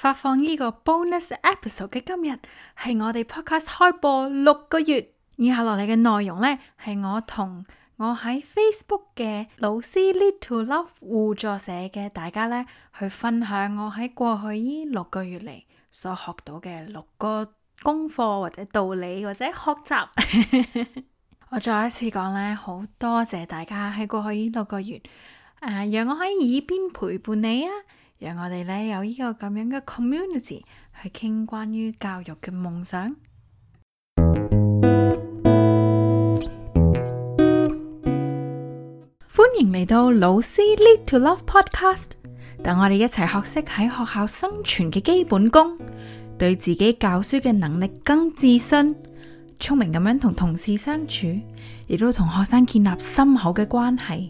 發放呢個 bonus episode 嘅今日係我哋 podcast 開播六個月，以下落嚟嘅內容呢，係我同我喺 Facebook 嘅老師 Lead To Love 互助社嘅，大家呢，去分享我喺過去呢六個月嚟所學到嘅六個功課或者道理或者學習。 我再一次講呢，好多謝大家喺過去呢六個月，誒、呃，讓我喺耳邊陪伴你啊！讓我哋咧有呢個咁樣嘅 community 去傾關於教育嘅夢想。歡迎嚟到老師 Lead to Love Podcast，等我哋一齊學識喺學校生存嘅基本功，對自己教書嘅能力更自信，聰明咁樣同同事相處，亦都同學生建立深厚嘅關係。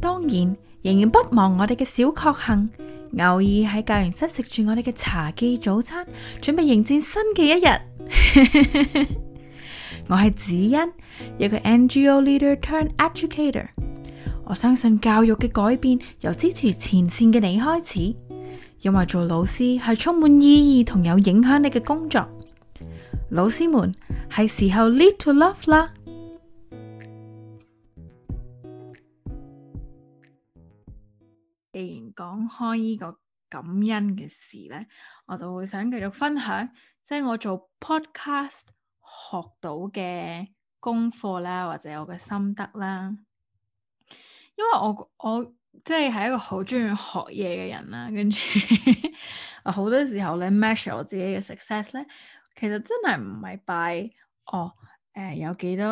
當然，仍然不忘我哋嘅小確幸，偶爾喺教研室食住我哋嘅茶記早餐，準備迎戰新嘅一日。 我係子欣，一個 NGO leader turn educator。Educ 我相信教育嘅改變由支持前線嘅你開始，因為做老師係充滿意義同有影響力嘅工作。老師們，係時候 lead to love 啦！講開呢個感恩嘅事咧，我就會想繼續分享，即係我做 podcast 學到嘅功課啦，或者我嘅心得啦。因為我我即係係一個好中意學嘢嘅人啦，跟住我好多時候咧 measure 我自己嘅 success 咧，其實真係唔係 by 哦誒有幾多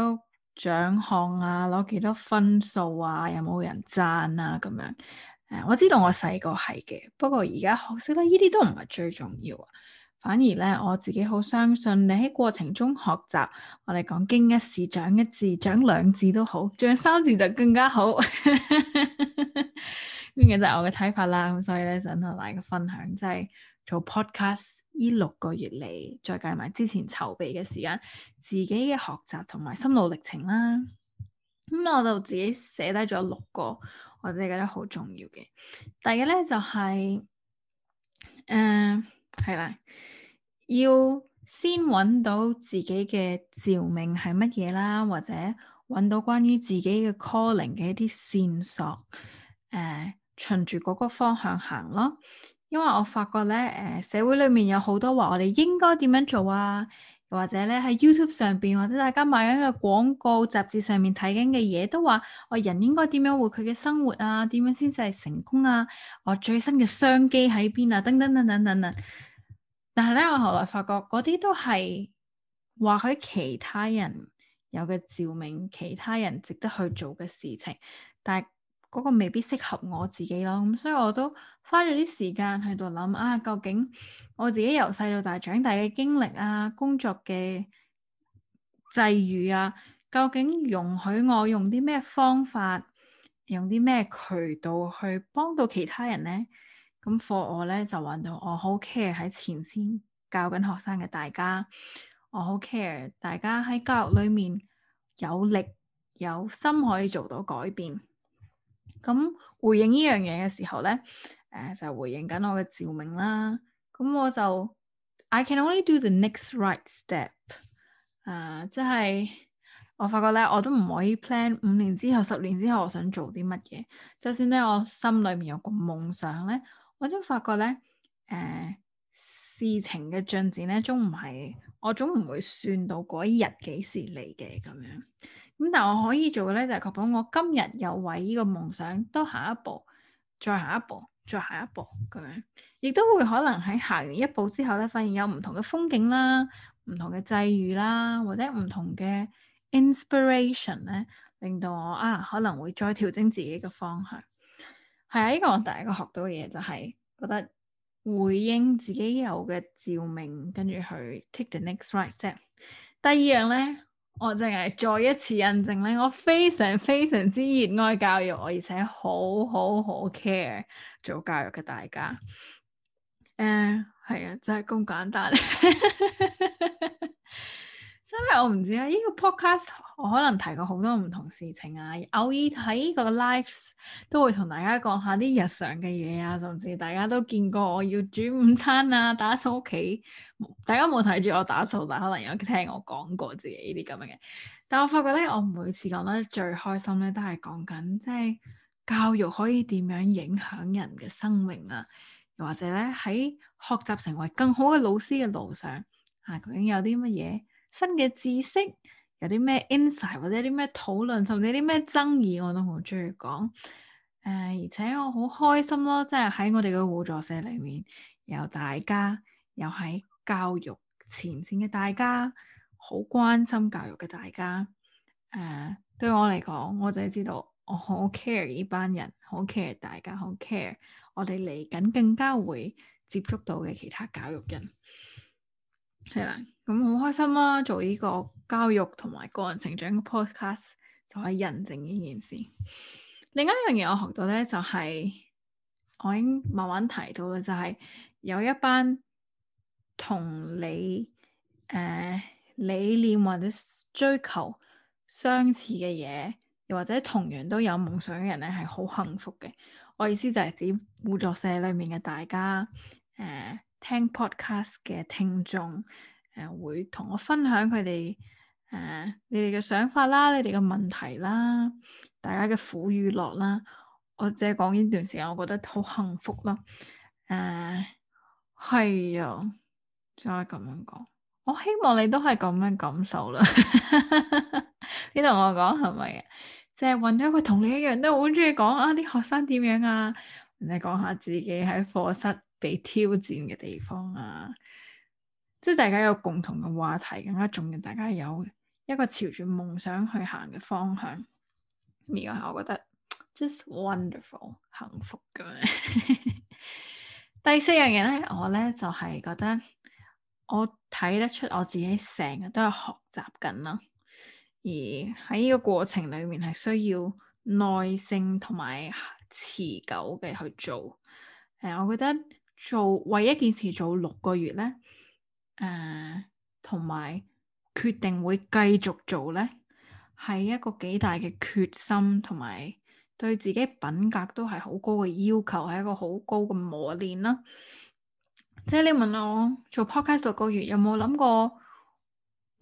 獎項啊，攞幾多分數啊，有冇人讚啊咁樣。我知道我細個係嘅，不過而家學識咧，呢啲都唔係最重要啊。反而咧，我自己好相信你喺過程中學習，我哋講經一事長一字，長兩字都好，長三字就更加好。呢個就係我嘅睇法啦，咁所以咧，想同大家分享，即係做 podcast 呢六個月嚟，再計埋之前籌備嘅時間，自己嘅學習同埋心路歷程啦。咁，嗯，我就自己寫低咗六個。或者覺得好重要嘅，第二個咧就係誒係啦，要先揾到自己嘅召命係乜嘢啦，或者揾到關於自己嘅 calling 嘅一啲線索，誒、呃、循住嗰個方向行咯。因為我發覺咧誒、呃、社會裏面有好多話，我哋應該點樣做啊？或者咧喺 YouTube 上邊，或者大家買緊嘅廣告雜誌上面睇緊嘅嘢，都話我人應該點樣活佢嘅生活啊？點樣先至係成功啊？我最新嘅商機喺邊啊？等等等等等等。但係咧，我後來發覺嗰啲都係或許其他人有嘅召命，其他人值得去做嘅事情，但係。嗰個未必適合我自己咯，咁所以我都花咗啲時間喺度諗啊，究竟我自己由細到大長大嘅經歷啊，工作嘅際遇啊，究竟容許我用啲咩方法，用啲咩渠道去幫到其他人呢？咁 for 我咧就揾到我好 care 喺前線教緊學生嘅大家，我好 care 大家喺教育裏面有力有心可以做到改變。咁回應呢樣嘢嘅時候咧，誒、呃、就回應緊我嘅召命啦。咁我就 I can only do the next right step。誒、呃、即係我發覺咧，我都唔可以 plan 五年之後、十年之後我想做啲乜嘢。就算咧我心裏面有個夢想咧，我都發覺咧，誒、呃、事情嘅進展咧，總唔係我總唔會算到嗰一日幾時嚟嘅咁樣。咁但我可以做嘅咧，就係、是、確保我今日有為呢個夢想，都下一步，再下一步，再下一步咁樣，亦都會可能喺行完一步之後咧，發現有唔同嘅風景啦，唔同嘅際遇啦，或者唔同嘅 inspiration 咧，令到我啊可能會再調整自己嘅方向。係啊，呢個我第一個學到嘅嘢，就係覺得回應自己有嘅召命，跟住去 take the next right step。第二樣咧。我淨係再一次印證咧，我非常非常之熱愛教育，我而且好好好 care 做教育嘅大家。誒、uh，係啊，就係咁簡單。 真係我唔知啦，呢、這個 podcast 我可能提過好多唔同事情啊，偶爾睇個 live 都會同大家講一下啲日常嘅嘢啊，甚至大家都見過我要煮午餐啊，打掃屋企，大家冇睇住我打掃，但可能有聽我講過自己呢啲咁樣嘅。但我發覺咧，我每次講得最開心咧，都係講緊即係教育可以點樣影響人嘅生命又、啊、或者咧喺學習成為更好嘅老師嘅路上啊，究竟有啲乜嘢？新嘅知識，有啲咩 insight 或者啲咩討論，甚至啲咩爭議，我都好中意講。誒、呃，而且我好開心咯，即係喺我哋嘅互助社裏面，有大家，又喺教育前線嘅大家，好關心教育嘅大家。誒、呃，對我嚟講，我就知道我好 care 呢班人，好 care 大家，好 care 我哋嚟緊更加會接觸到嘅其他教育人。係啦，咁好開心啦！做呢個教育同埋個人成長嘅 podcast 就係印證呢件事。另一樣嘢我學到咧，就係、是、我已經慢慢提到啦，就係、是、有一班同你誒、呃、理念或者追求相似嘅嘢，又或者同樣都有夢想嘅人咧，係好幸福嘅。我意思就係、是、指互助社裏面嘅大家誒。呃聽 podcast 嘅聽眾，誒、呃，會同我分享佢哋誒，你哋嘅想法啦，你哋嘅問題啦，大家嘅苦與樂啦。我淨係講呢段時間，我覺得好幸福咯。誒、呃，係啊，再係咁樣講。我希望你都係咁樣感受啦。 你同我講係咪啊？淨係揾咗佢同你一樣，都好中意講啊。啲學生點樣啊？你講下自己喺課室被挑戰嘅地方啊，即係大家有共同嘅話題，更加重要。大家有一個朝住夢想去行嘅方向，呢個係我覺得即係 wonderful，幸福嘅。 第四樣嘢咧，我咧就係覺得我睇得出我自己成日都係學習緊咯，而喺呢個過程裏面係需要耐性同埋持久嘅去做。誒，我覺得。做為一,一件事做六個月呢，誒，同埋決定會繼續做呢，係一個幾大嘅決心，同埋對自己品格都係好高嘅要求，係一個好高嘅磨練啦。即係你問我做 Podcast 六個月有冇諗過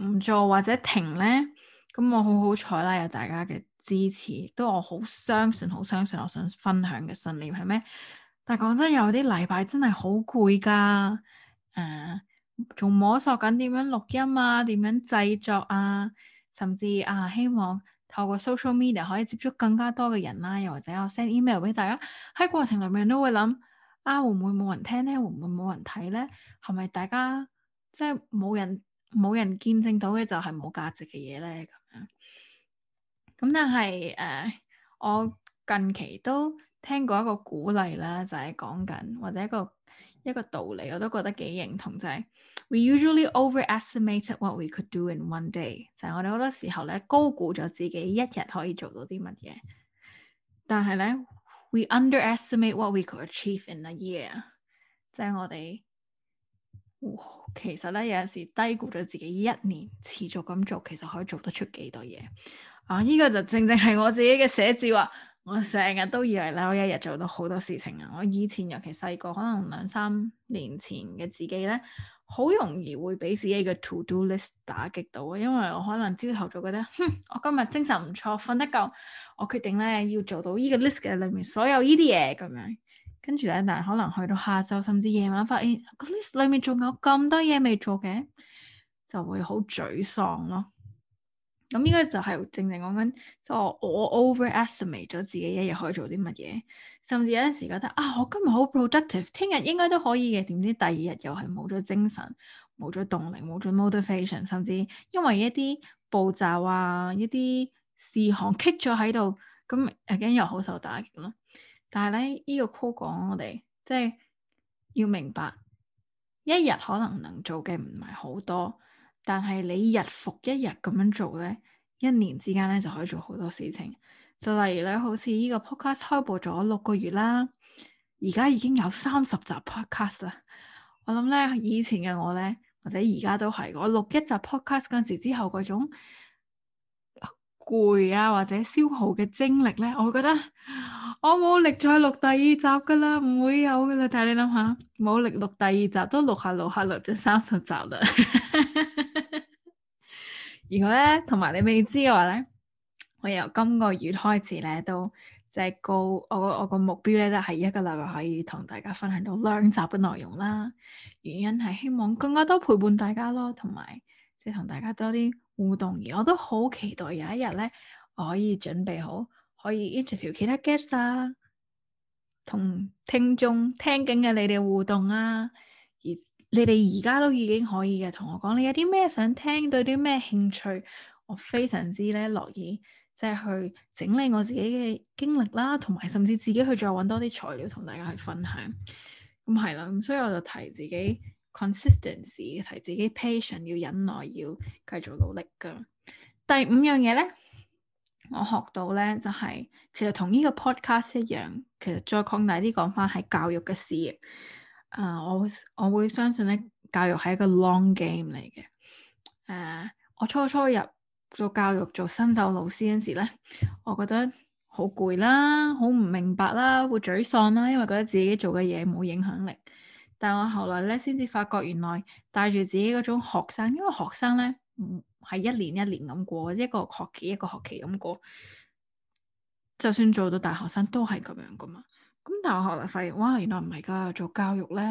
唔做或者停呢？咁我好好彩啦，有大家嘅支持，都我好相信，好相信，我想分享嘅信念係咩？但講真，有啲禮拜真係好攰㗎，誒、呃，仲摸索緊點樣錄音啊，點樣製作啊，甚至啊，希望透過 social media 可以接觸更加多嘅人啦，啊，又或者我 send email 俾大家，喺過程裏面都會諗，啊，會唔會冇人聽咧？會唔會冇人睇咧？係咪大家即係冇人冇人見證到嘅就係冇價值嘅嘢咧？咁樣，咁但係誒、呃，我近期都。聽過一個鼓勵啦，就係講緊，或者一個一個道理，我都覺得幾認同，就係、是、we usually overestimated what we could do in one day，就係我哋好多時候咧高估咗自己一日可以做到啲乜嘢，但係咧 we underestimate what we could achieve in a year，即係我哋、哦，其實咧有時低估咗自己一年持續咁做，其實可以做得出幾多嘢啊！依、呢個就正正係我自己嘅寫照啊！我成日都以為咧，我一日做到好多事情啊！我以前尤其細個，可能兩三年前嘅自己咧，好容易會俾自己嘅 to do list 打擊到啊！因為我可能朝頭早覺得，哼，我今日精神唔錯，瞓得夠，我決定咧要做到呢個 list 嘅裏面所有呢啲嘢咁樣，跟住咧，但係可能去到下晝甚至夜晚，發現個 list 裏面仲有咁多嘢未做嘅，就會好沮喪咯。咁應該就係正正講緊，即、哦、我 overestimate 咗自己一日可以做啲乜嘢，甚至有陣時覺得啊，我今日好 productive，聽日應該都可以嘅，點知第二日又係冇咗精神、冇咗動力、冇咗 motivation，甚至因為一啲步驟啊、一啲事項棘咗喺度，咁 again 又好受打擊咯。但係咧，依、呢個 quote 講我哋即係要明白，一日可能能做嘅唔係好多。但係你日復一日咁樣做咧，一年之間咧就可以做好多事情。就例如咧，好似呢個 podcast 開播咗六個月啦，而家已經有三十集 podcast 啦。我諗咧，以前嘅我咧，或者而家都係我錄一集 podcast 嗰時之後嗰種攰啊，或者消耗嘅精力咧，我會覺得我冇力再錄第二集噶啦，唔會有噶啦。但你諗下，冇力錄第二集都錄下錄下錄咗三十集啦。 如果咧，同埋你未知嘅話咧，我由今個月開始咧，都即係告我我個目標咧都係一個禮拜可以同大家分享到兩集嘅內容啦。原因係希望更加多陪伴大家咯，同埋即係同大家多啲互動。而我都好期待有一日咧，我可以準備好，可以 invite 條其他 guest 啊，同聽眾聽景嘅你哋互動啊。你哋而家都已經可以嘅，同我講你有啲咩想聽，對啲咩興趣，我非常之咧樂意，即係去整理我自己嘅經歷啦，同埋甚至自己去再揾多啲材料同大家去分享。咁係啦，咁所以我就提自己 consistency，提自己 patience，要忍耐，要繼續努力噶。第五樣嘢咧，我學到咧就係，其實同呢個 podcast 一樣，其實再擴大啲講翻係教育嘅事業。啊，uh, 我我會相信咧，教育係一個 long game 嚟嘅。誒、uh，我初初入做教育做新手老師嗰時咧，我覺得好攰啦，好唔明白啦，會沮喪啦，因為覺得自己做嘅嘢冇影響力。但係我後來咧，先至發覺原來帶住自己嗰種學生，因為學生咧唔係一年一年咁過，一個學期一個學期咁過，就算做到大學生都係咁樣噶嘛。咁但係我後來發現，哇，原來唔係噶，做教育咧，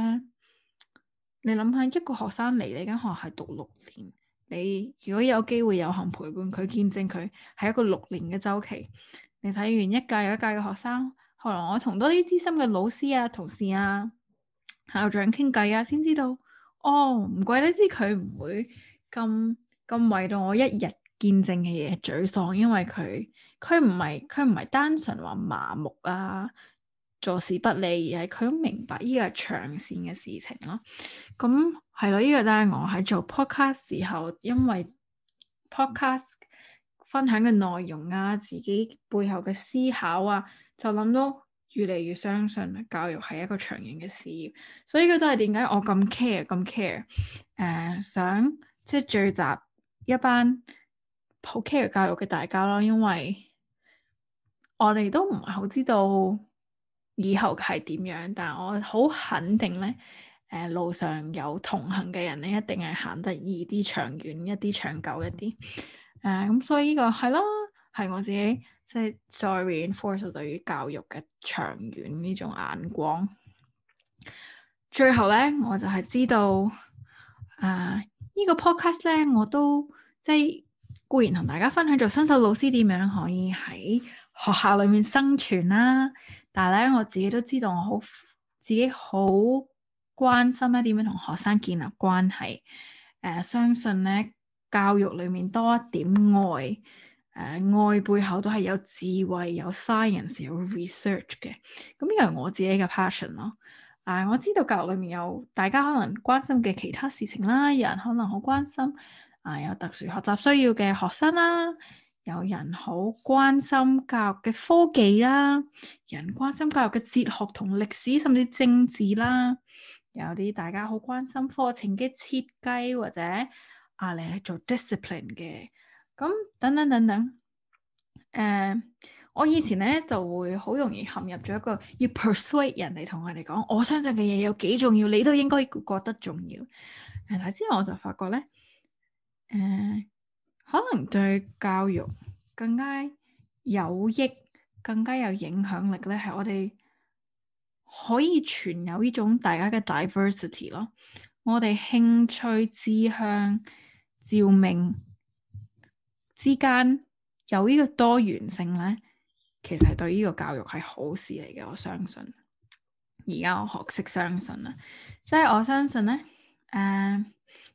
你諗下一個學生嚟你間學校讀六年，你如果有機會有幸陪伴佢見證佢係一個六年嘅週期，你睇完一屆又一屆嘅學生，後來我同多啲資深嘅老師啊、同事啊、校長傾偈啊，先知道哦，唔怪得之佢唔會咁咁為到我一日見證嘅嘢沮喪，因為佢佢唔係佢唔係單純話麻木啊。做事不利，而係佢都明白呢個係長線嘅事情咯。咁係咯，呢、這個都係我喺做 podcast 時候，因為 podcast 分享嘅內容啊，自己背後嘅思考啊，就諗到越嚟越相信教育係一個長遠嘅事業。所以佢都係點解我咁 care 咁 care？誒、呃，想即係聚集一班好 care 教育嘅大家咯，因為我哋都唔係好知道。以後係點樣？但係我好肯定咧，誒、呃，路上有同行嘅人咧，一定係行得易啲、長遠一啲、長久一啲。誒、呃，咁所以呢、這個係啦，係我自己即係、就是、再 reinforce 對於教育嘅長遠呢種眼光。最後咧，我就係知道，誒、呃，這個、呢個 podcast 咧，我都即係、就是、固然同大家分享做新手老師點樣可以喺學校裏面生存啦、啊。但係咧，我自己都知道我好自己好關心咧，點樣同學生建立關係。誒、呃，相信咧，教育裡面多一點愛，誒、呃、愛背後都係有智慧、有 science、有 research 嘅。咁呢個係我自己嘅 passion 咯。啊、呃，我知道教育裡面有大家可能關心嘅其他事情啦，有人可能好關心啊、呃、有特殊學習需要嘅學生啦。有人好關心教育嘅科技啦，人關心教育嘅哲學同歷史，甚至政治啦，有啲大家好關心課程嘅設計或者啊，你係做 discipline 嘅，咁等等等等。誒、呃，我以前咧就會好容易陷入咗一個要 persuade 人哋同我哋講，我相信嘅嘢，有幾重要，你都應該覺得重要。誒，之後我就發覺咧，誒、呃。可能對教育更加有益、更加有影響力咧，係我哋可以存有呢種大家嘅 diversity 咯。我哋興趣、志向、照明之間有呢個多元性咧，其實係對呢個教育係好事嚟嘅。我相信，而家我學識相信啦，即係我相信咧，誒、uh,。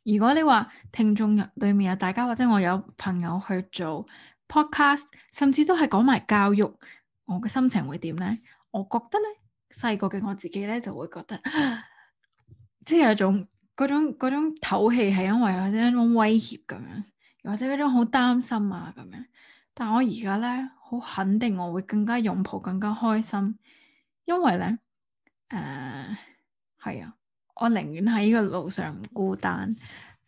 如果你話聽眾入對面有大家或者我有朋友去做 Podcast，甚至都係講埋教育，我嘅心情會點咧？我覺得咧，細個嘅我自己咧就會覺得，啊、即係有一種嗰種嗰種透氣，係因為咧有一種威脅咁樣，或者有一種好擔心啊咁樣。但我而家咧好肯定，我會更加擁抱，更加開心，因為咧，誒、呃，係啊。我寧願喺呢個路上唔孤單，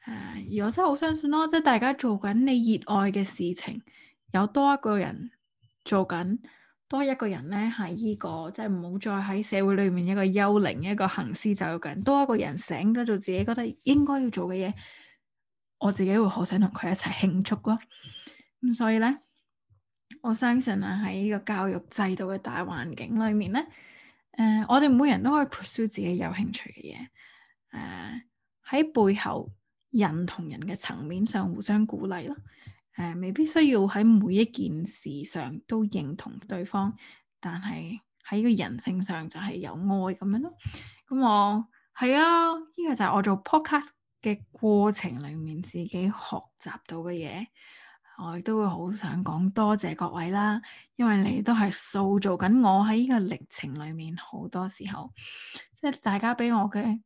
誒、啊！而我真係好相信咯，即係大家做緊你熱愛嘅事情，有多一個人做緊，多一個人咧係呢個，即係唔好再喺社會裡面一個幽靈、一個行屍走肉緊，多一個人醒咗做自己覺得應該要做嘅嘢，我自己會好想同佢一齊慶祝咯。咁所以咧，我相信啊喺呢個教育制度嘅大環境裏面咧。誒，uh, 我哋每人都可以 push 自己有興趣嘅嘢，誒、uh, 喺背後人同人嘅層面上互相鼓勵咯。誒、uh, 未必需要喺每一件事上都認同對方，但係喺個人性上就係有愛咁樣咯。咁我係啊，呢、呢個就係我做 podcast 嘅過程裏面自己學習到嘅嘢。我亦都會好想講多謝，謝各位啦，因為你都係塑造緊我喺呢個歷程裏面好多時候，即係大家俾我嘅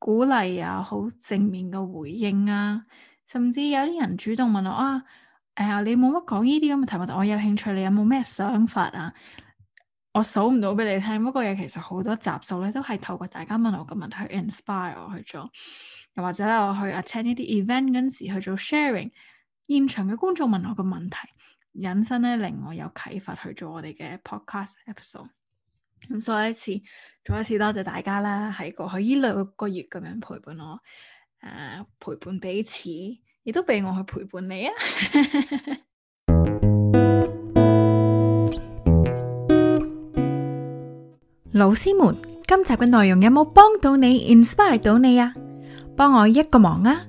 鼓勵啊，好正面嘅回應啊，甚至有啲人主動問我啊，誒、哎，你冇乜講呢啲咁嘅題目，我有興趣，你有冇咩想法啊？我數唔到俾你聽，不過有其實好多集數咧，都係透過大家問我嘅問題 inspire 我去做，又或者咧，我去 attend 依啲 event 嗰陣時去做 sharing。現場嘅觀眾問我個問題，引申咧，令我有啟發，去做我哋嘅 podcast episode。咁再一次，再一次多謝大家啦，喺過去呢兩個月咁樣陪伴我、呃，陪伴彼此，亦都俾我去陪伴你啊。 老師們，今集嘅內容有冇幫到你，inspire 到你啊？幫我一個忙啊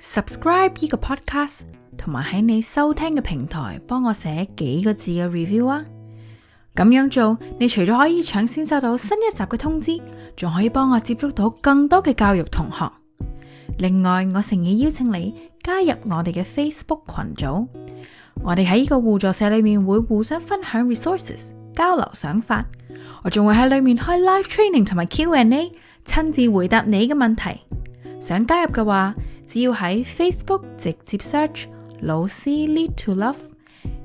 ，subscribe 呢個 podcast。同埋喺你收聽嘅平台幫我寫幾個字嘅 review 啊！咁樣做，你除咗可以搶先收到新一集嘅通知，仲可以幫我接觸到更多嘅教育同學。另外，我誠意邀請你加入我哋嘅 Facebook 群組，我哋喺呢個互助社裏面會互相分享 resources，交流想法。我仲會喺裏面開 live training 同埋 Q&A，親自回答你嘅問題。想加入嘅話，只要喺 Facebook 直接 search。老師 lead to love，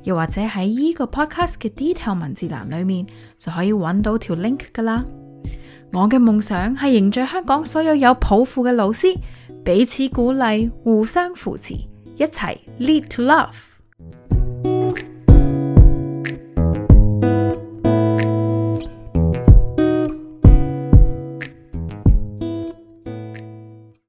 又或者喺呢個 podcast 嘅 detail 文字欄裏面就可以揾到條 link 噶啦。我嘅夢想係凝聚香港所有有抱負嘅老師，彼此鼓勵，互相扶持，一齊 lead to love。